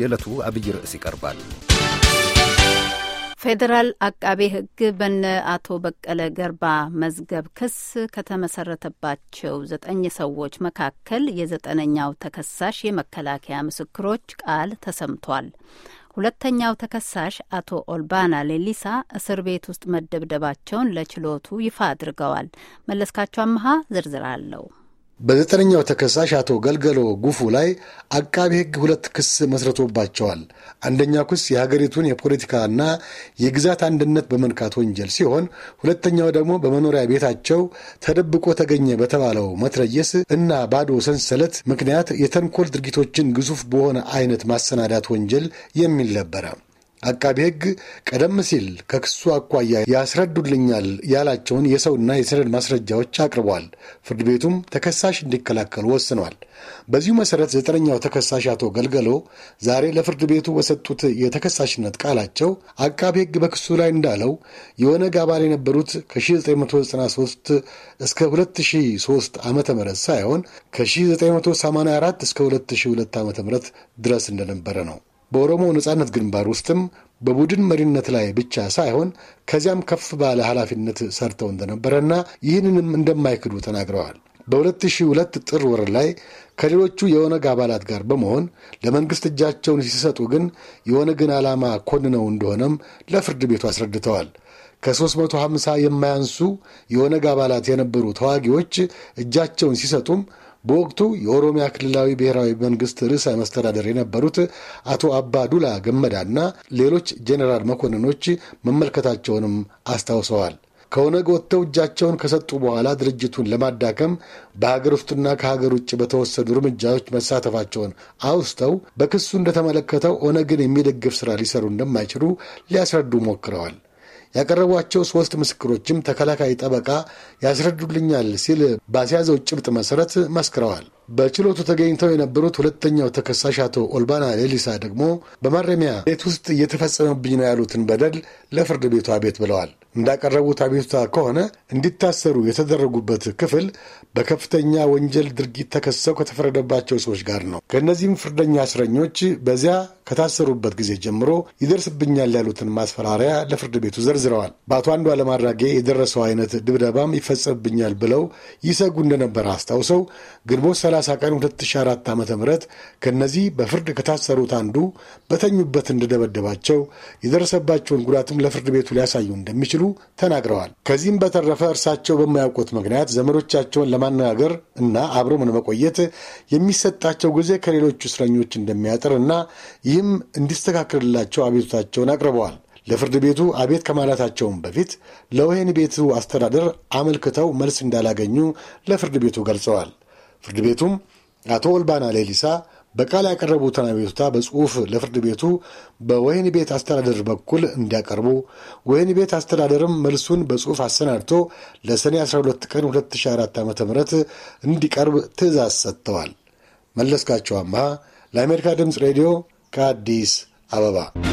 የዕለቱ አብይ ርዕስ ይቀርባል። ፌዴራል አቃቤ ሕግ በነ አቶ በቀለ ገርባ መዝገብ ክስ ከተመሰረተባቸው ዘጠኝ ሰዎች መካከል የዘጠነኛው ተከሳሽ የመከላከያ ምስክሮች ቃል ተሰምቷል። ሁለተኛው ተከሳሽ አቶ ኦልባና ሌሊሳ እስር ቤት ውስጥ መደብደባቸውን ለችሎቱ ይፋ አድርገዋል። መለስካቸው አመሃ ዝርዝር አለው። በዘጠነኛው ተከሳሽ አቶ ገልገሎ ጉፉ ላይ አቃቢ ሕግ ሁለት ክስ መስርቶባቸዋል። አንደኛው ክስ የሀገሪቱን የፖለቲካና የግዛት አንድነት በመንካት ወንጀል ሲሆን ሁለተኛው ደግሞ በመኖሪያ ቤታቸው ተደብቆ ተገኘ በተባለው መትረየስ እና ባዶ ሰንሰለት ምክንያት የተንኮል ድርጊቶችን ግዙፍ በሆነ አይነት ማሰናዳት ወንጀል የሚል ነበረ። አቃቢ ሕግ ቀደም ሲል ከክሱ አኳያ ያስረዱልኛል ያላቸውን የሰውና የሰነድ ማስረጃዎች አቅርቧል። ፍርድ ቤቱም ተከሳሽ እንዲከላከሉ ወስኗል። በዚሁ መሰረት ዘጠነኛው ተከሳሽ አቶ ገልገሎ ዛሬ ለፍርድ ቤቱ በሰጡት የተከሳሽነት ቃላቸው አቃቢ ሕግ በክሱ ላይ እንዳለው የኦነግ አባል የነበሩት ከ1993 እስከ 2003 ዓ ም ሳይሆን ከ1984 እስከ 2002 ዓ ም ድረስ እንደነበረ ነው። በኦሮሞ ነጻነት ግንባር ውስጥም በቡድን መሪነት ላይ ብቻ ሳይሆን ከዚያም ከፍ ባለ ኃላፊነት ሰርተው እንደነበረና ይህንንም እንደማይክዱ ተናግረዋል። በ2002 ጥር ወር ላይ ከሌሎቹ የኦነግ አባላት ጋር በመሆን ለመንግሥት እጃቸውን ሲሰጡ ግን የኦነግን ዓላማ ኮንነው እንደሆነም ለፍርድ ቤቱ አስረድተዋል። ከ350 የማያንሱ የኦነግ አባላት የነበሩ ተዋጊዎች እጃቸውን ሲሰጡም በወቅቱ የኦሮሚያ ክልላዊ ብሔራዊ መንግስት ርዕሰ መስተዳደር የነበሩት አቶ አባ ዱላ ገመዳና ሌሎች ጄኔራል መኮንኖች መመልከታቸውንም አስታውሰዋል። ከኦነግ ወጥተው እጃቸውን ከሰጡ በኋላ ድርጅቱን ለማዳከም በሀገር ውስጥና ከሀገር ውጭ በተወሰዱ እርምጃዎች መሳተፋቸውን አውስተው በክሱ እንደተመለከተው ኦነግን የሚደግፍ ስራ ሊሰሩ እንደማይችሉ ሊያስረዱ ሞክረዋል። ያቀረቧቸው ሶስት ምስክሮችም ተከላካይ ጠበቃ ያስረዱልኛል ሲል ባስያዘው ጭብጥ መሰረት መስክረዋል። በችሎቱ ተገኝተው የነበሩት ሁለተኛው ተከሳሽ አቶ ኦልባና ሌሊሳ ደግሞ በማረሚያ ቤት ውስጥ እየተፈጸመብኝ ነው ያሉትን በደል ለፍርድ ቤቱ አቤት ብለዋል። እንዳቀረቡት አቤቱታ ከሆነ እንዲታሰሩ የተደረጉበት ክፍል በከፍተኛ ወንጀል ድርጊት ተከሰው ከተፈረደባቸው ሰዎች ጋር ነው። ከእነዚህም ፍርደኛ እስረኞች በዚያ ከታሰሩበት ጊዜ ጀምሮ ይደርስብኛል ያሉትን ማስፈራሪያ ለፍርድ ቤቱ ዘርዝረዋል። በአቶ አንዱዓለም አራጌ የደረሰው አይነት ድብደባም ይፈጸምብኛል ብለው ይሰጉ እንደነበረ አስታውሰው ግንቦት 30 ቀን 2004 ዓ ም ከእነዚህ በፍርድ ከታሰሩት አንዱ በተኙበት እንደደበደባቸው የደረሰባቸውን ጉዳትም ለፍርድ ቤቱ ሊያሳዩ እንደሚችሉ ተናግረዋል። ከዚህም በተረፈ እርሳቸው በማያውቁት ምክንያት ዘመዶቻቸውን ለማነጋገር እና አብሮ ምን መቆየት የሚሰጣቸው ጊዜ ከሌሎቹ እስረኞች እንደሚያጥር እና ይህም እንዲስተካከልላቸው አቤቱታቸውን አቅርበዋል። ለፍርድ ቤቱ አቤት ከማለታቸውም በፊት ለወህኒ ቤቱ አስተዳደር አመልክተው መልስ እንዳላገኙ ለፍርድ ቤቱ ገልጸዋል። ፍርድ ቤቱም አቶ ኦልባና ሌሊሳ በቃል ያቀረቡትን አቤቱታ በጽሑፍ ለፍርድ ቤቱ በወህኒ ቤት አስተዳደር በኩል እንዲያቀርቡ ወህኒ ቤት አስተዳደርም መልሱን በጽሑፍ አሰናድቶ ለሰኔ 12 ቀን 2004 ዓ ም እንዲቀርብ ትእዛዝ ሰጥተዋል። መለስካቸው አምሃ ለአሜሪካ ድምፅ ሬዲዮ ከአዲስ አበባ